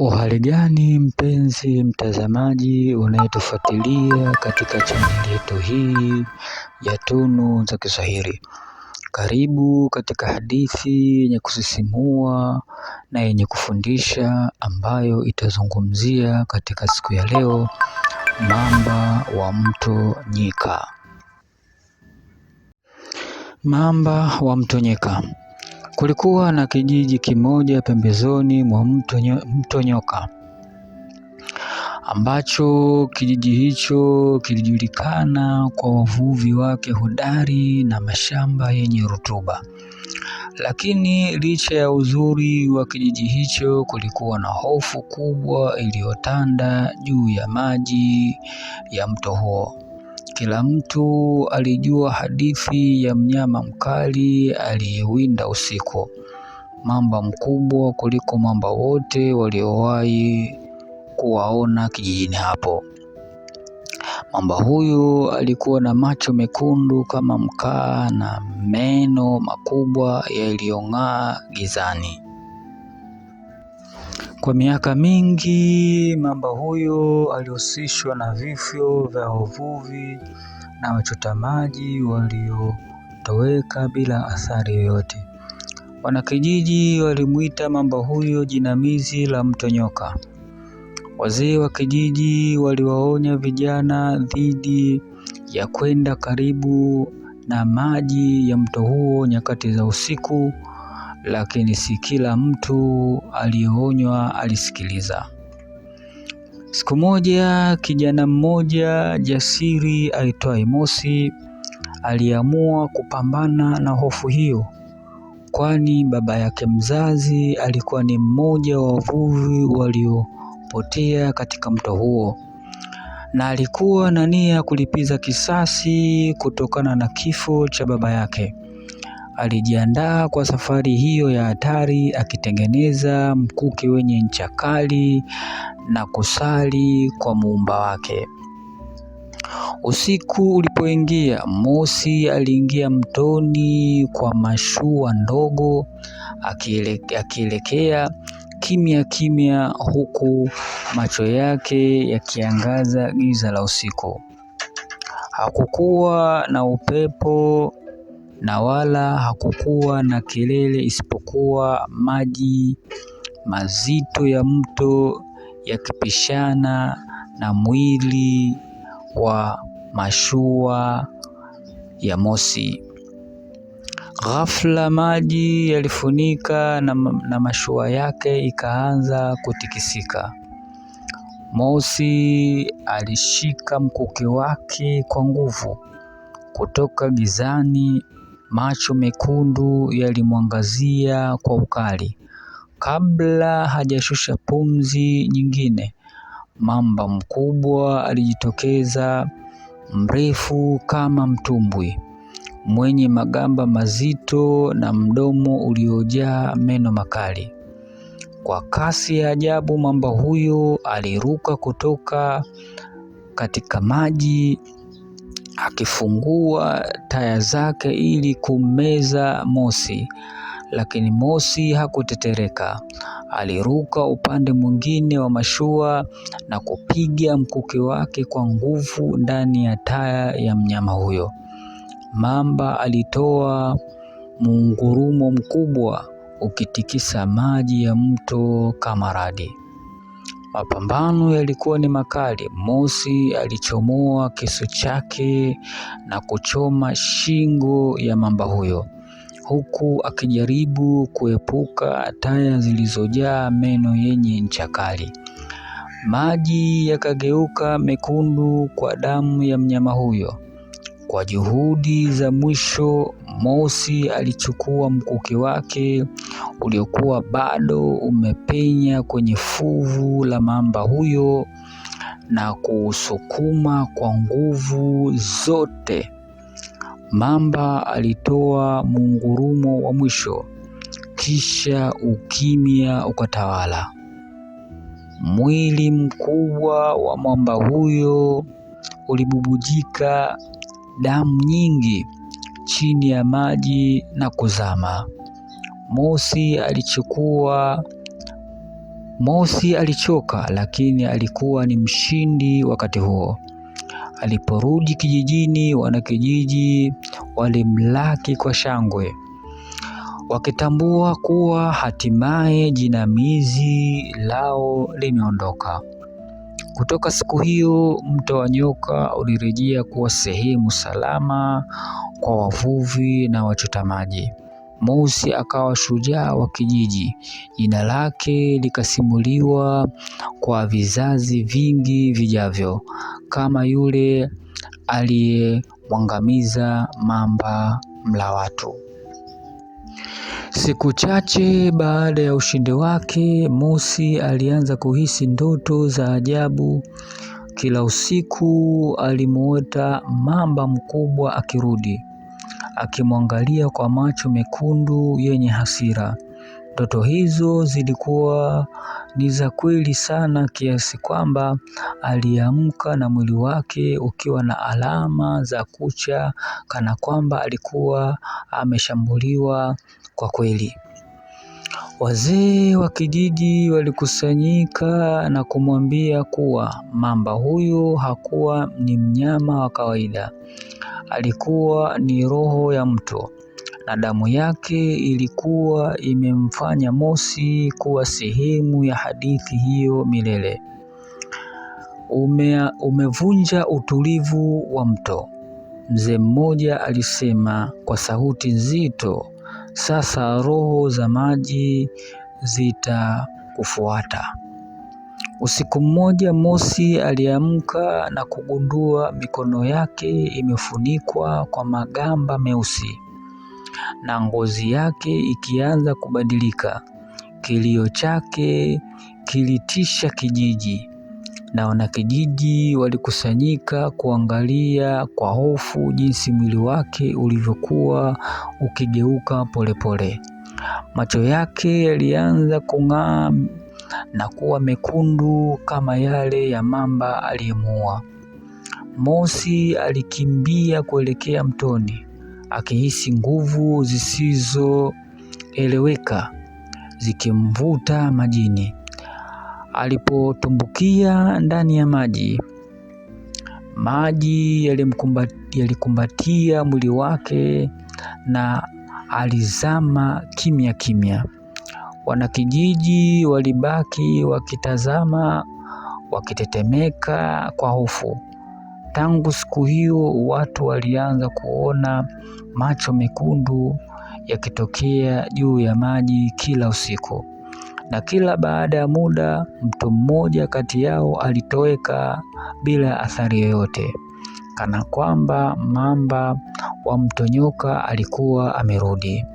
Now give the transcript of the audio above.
Uhali gani mpenzi mtazamaji unayetufuatilia katika chaneli yetu hii ya Tunu za Kiswahili, karibu katika hadithi yenye kusisimua na yenye kufundisha ambayo itazungumzia katika siku ya leo mamba wa mto Nyika. Mamba wa mto Nyika Kulikuwa na kijiji kimoja pembezoni mwa mto, mto Nyoka ambacho kijiji hicho kilijulikana kwa wavuvi wake hodari na mashamba yenye rutuba. Lakini licha ya uzuri wa kijiji hicho, kulikuwa na hofu kubwa iliyotanda juu ya maji ya mto huo. Kila mtu alijua hadithi ya mnyama mkali aliyewinda usiku, mamba mkubwa kuliko mamba wote waliowahi kuwaona kijijini hapo. Mamba huyu alikuwa na macho mekundu kama mkaa na meno makubwa yaliyong'aa gizani. Kwa miaka mingi mamba huyo alihusishwa na vifo vya wavuvi na wachota maji waliotoweka bila athari yoyote. Wanakijiji walimwita mamba huyo jinamizi la mto nyoka. Wazee wa kijiji waliwaonya vijana dhidi ya kwenda karibu na maji ya mto huo nyakati za usiku lakini si kila mtu aliyoonywa alisikiliza. Siku moja kijana mmoja jasiri aitwaye Mosi aliamua kupambana na hofu hiyo, kwani baba yake mzazi alikuwa ni mmoja wa wavuvi waliopotea katika mto huo, na alikuwa na nia ya kulipiza kisasi kutokana na kifo cha baba yake. Alijiandaa kwa safari hiyo ya hatari akitengeneza mkuki wenye ncha kali na kusali kwa muumba wake. Usiku ulipoingia, Mosi aliingia mtoni kwa mashua ndogo akielekea kimya kimya, huku macho yake yakiangaza giza la usiku. Hakukuwa na upepo na wala hakukuwa na kelele isipokuwa maji mazito ya mto yakipishana na mwili wa mashua ya Mosi. Ghafla maji yalifunika na, na mashua yake ikaanza kutikisika. Mosi alishika mkuki wake kwa nguvu. Kutoka gizani Macho mekundu yalimwangazia kwa ukali. Kabla hajashusha pumzi nyingine, mamba mkubwa alijitokeza, mrefu kama mtumbwi, mwenye magamba mazito na mdomo uliojaa meno makali. Kwa kasi ya ajabu mamba huyo aliruka kutoka katika maji akifungua taya zake ili kummeza mosi, lakini mosi hakutetereka. Aliruka upande mwingine wa mashua na kupiga mkuki wake kwa nguvu ndani ya taya ya mnyama huyo. Mamba alitoa muungurumo mkubwa ukitikisa maji ya mto kama radi. Mapambano yalikuwa ni makali. Mosi alichomoa kisu chake na kuchoma shingo ya mamba huyo, huku akijaribu kuepuka taya zilizojaa meno yenye ncha kali. Maji yakageuka mekundu kwa damu ya mnyama huyo. Kwa juhudi za mwisho, Mosi alichukua mkuki wake uliokuwa bado umepenya kwenye fuvu la mamba huyo na kuusukuma kwa nguvu zote. Mamba alitoa muungurumo wa mwisho, kisha ukimya ukatawala. Mwili mkubwa wa mwamba huyo ulibubujika damu nyingi chini ya maji na kuzama. Mosi alichukua Mosi alichoka lakini alikuwa ni mshindi wakati huo. Aliporudi kijijini, wanakijiji walimlaki kwa shangwe, wakitambua kuwa hatimaye jinamizi lao limeondoka. Kutoka siku hiyo, mto wa Nyoka ulirejea kuwa sehemu salama kwa wavuvi na wachota maji. Mosi akawa shujaa wa kijiji, jina lake likasimuliwa kwa vizazi vingi vijavyo kama yule aliyemwangamiza mamba mla watu. Siku chache baada ya ushindi wake, Mosi alianza kuhisi ndoto za ajabu. Kila usiku alimuota mamba mkubwa akirudi akimwangalia kwa macho mekundu yenye hasira. Ndoto hizo zilikuwa ni za kweli sana kiasi kwamba aliamka na mwili wake ukiwa na alama za kucha kana kwamba alikuwa ameshambuliwa kwa kweli. Wazee wa kijiji walikusanyika na kumwambia kuwa mamba huyu hakuwa ni mnyama wa kawaida, alikuwa ni roho ya mto na damu yake ilikuwa imemfanya Mosi kuwa sehemu ya hadithi hiyo milele. Ume, umevunja utulivu wa mto, mzee mmoja alisema kwa sauti nzito sasa roho za maji zitakufuata. Usiku mmoja Mosi aliamka na kugundua mikono yake imefunikwa kwa magamba meusi na ngozi yake ikianza kubadilika. Kilio chake kilitisha kijiji na wanakijiji walikusanyika kuangalia kwa hofu jinsi mwili wake ulivyokuwa ukigeuka polepole. Macho yake yalianza kung'aa na kuwa mekundu kama yale ya mamba aliyemuua. Mosi alikimbia kuelekea mtoni akihisi nguvu zisizoeleweka zikimvuta majini. Alipotumbukia ndani ya maji, maji yalikumbatia mwili wake na alizama kimya kimya. Wanakijiji walibaki wakitazama, wakitetemeka kwa hofu. Tangu siku hiyo watu walianza kuona macho mekundu yakitokea juu ya maji kila usiku na kila baada ya muda mtu mmoja kati yao alitoweka bila athari yoyote, kana kwamba mamba wa mto nyoka alikuwa amerudi.